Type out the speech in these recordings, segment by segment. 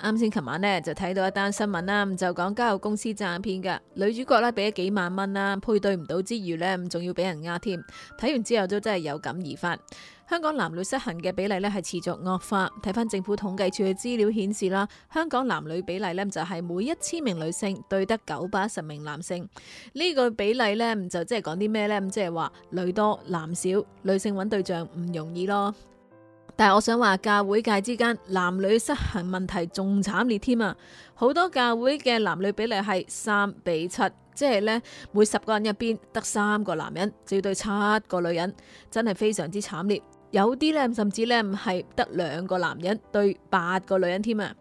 啱先琴晚咧就睇到一單新聞啦，就講交友公司詐騙噶，女主角咧俾咗幾萬蚊啦，配對唔到之餘呢，仲要俾人呃添。睇完之後都真係有感而發。香港男女失衡嘅比例呢，係持續惡化，睇翻政府統計處嘅資料顯示啦，香港男女比例呢，就係每一千名女性對得九百一十名男性。呢個比例呢，就即係講啲咩呢？即係話女多男少，女性揾對象唔容易咯。但係我想話，教會界之間男女失衡問題仲慘烈添啊！好多教會嘅男女比例係三比七，即係咧每十個人入邊得三個男人，就要對七個女人，真係非常之慘烈。有啲咧甚至咧係得兩個男人對八個女人添啊！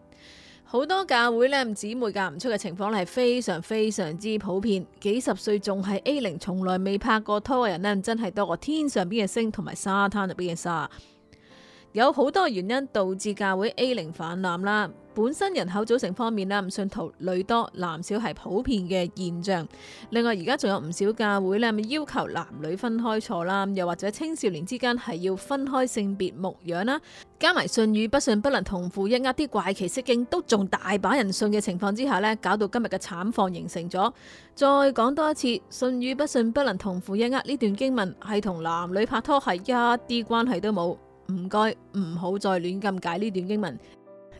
好多教會咧姊妹嫁唔出嘅情況咧係非常非常之普遍，幾十歲仲係 A 零，從來未拍過拖嘅人咧，真係多過天上邊嘅星同埋沙灘入邊嘅沙。有好多原因導致教會 A0 泛濫啦。本身人口組成方面，唔信徒女多男少係普遍嘅現象。另外，而家仲有唔少教會咧，咪要求男女分開坐啦，又或者青少年之間係要分開性別牧養啦。加埋信與不信不能同負一軛啲怪奇釋經都仲大把人信嘅情況之下咧，搞到今日嘅慘況形成咗。再講多一次，信與不信不能同負一軛呢段經文係同男女拍拖係一啲關係都冇。唔該，唔好再亂咁解呢段經文。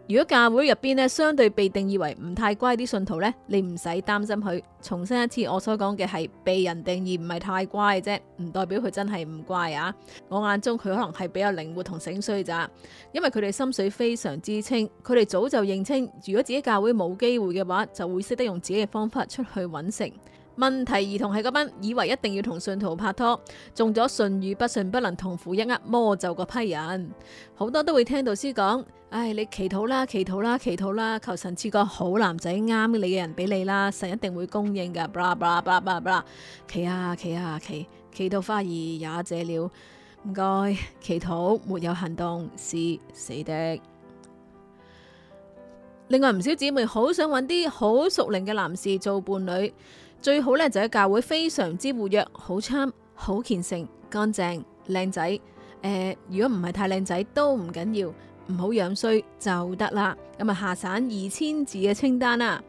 如果教會入邊呢，相對被定義為唔太乖啲信徒呢，你唔使擔心佢。重申一次，我所講嘅係被人定義唔係太乖嘅啫，唔代表佢真係唔乖啊。我眼中佢可能係比較靈活同醒衰咋，因為佢哋心水非常之清，佢哋早就認清，如果自己教會冇機會嘅話，就會識得用自己嘅方法出去揾食。問題兒童係嗰班以為一定要同信徒拍拖，中咗信與不信不能同父一軛。魔咒嗰批人，好多都會聽導師講：唉，你祈禱啦，祈禱啦，祈禱啦，求神賜個好男仔啱你嘅人俾你啦，神一定會供應噶。布拉布拉布拉布拉，祈啊祈啊祈，祈到花兒也謝了，唔該，祈禱沒有行動是死的。另外唔少姊妹好想揾啲好熟齡嘅男士做伴侶。最好咧就喺教會非常之活躍，好參，好虔誠，乾淨，靚仔。誒，如果唔係太靚仔都唔緊要，唔好樣衰就得啦。咁啊，下散二千字嘅清單啦，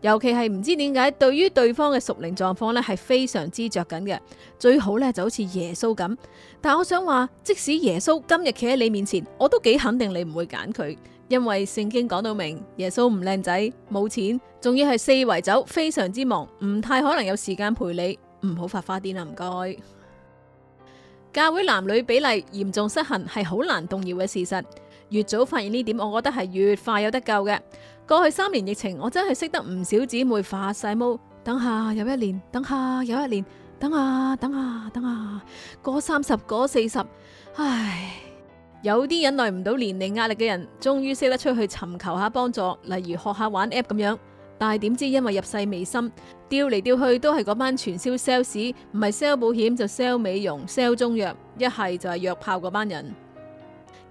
尤其係唔知點解對於對方嘅屬靈狀況咧係非常之着緊嘅。最好咧就好似耶穌咁，但我想話，即使耶穌今日企喺你面前，我都幾肯定你唔會揀佢。因為聖經講到明，耶穌唔靚仔，冇錢，仲要係四圍走，非常之忙，唔太可能有時間陪你，唔好發花癲啦，唔該。教會男女比例嚴重失衡係好難動搖嘅事實，越早發現呢點，我覺得係越快有得救嘅。過去三年疫情，我真係識得唔少姊妹發晒毛，等下有一年，等下有一年，等下等下等下，等下，過三十，過四十，唉。有啲忍耐唔到年齡壓力嘅人，終於識得出去尋求下幫助，例如學下玩 app 咁樣。但係點知因為入世未深，調嚟調去都係嗰班傳銷 sales，唔係 sell 保險就 sell 美容、sell 中藥，一係就係約炮嗰班人。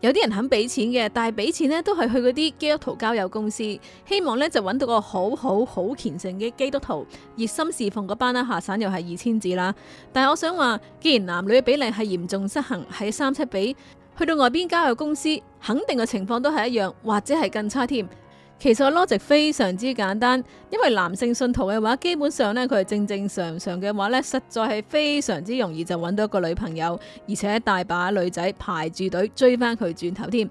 有啲人肯俾錢嘅，但係俾錢呢都係去嗰啲基督徒交友公司，希望呢就揾到個好好好虔誠嘅基督徒，熱心侍奉嗰班啦。下散又係二千字啦。但係我想話，既然男女比例係嚴重失衡，喺三七比。去到外邊交友公司，肯定嘅情況都係一樣，或者係更差添。其實個 logic 非常之簡單，因為男性信徒嘅話，基本上呢，佢係正正常常嘅話呢，實在係非常之容易就揾到一個女朋友，而且一大把女仔排住隊追翻佢轉頭添。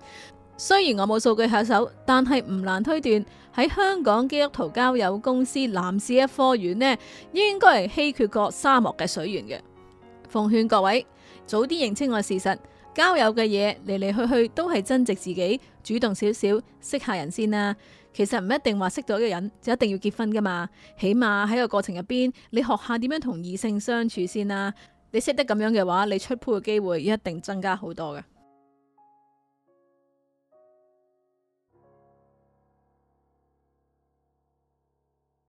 雖然我冇數據下手，但係唔難推斷喺香港基督徒交友公司男士一科院呢，應該係稀缺過沙漠嘅水源嘅。奉勸各位早啲認清我事實。交友嘅嘢嚟嚟去去都係增值自己，主動少少識下人先啦。其實唔一定話識到一個人就一定要結婚噶嘛，起碼喺個過程入邊，你學下點樣同異性相處先啦。你識得咁樣嘅話，你出鋪嘅機會一定增加好多嘅。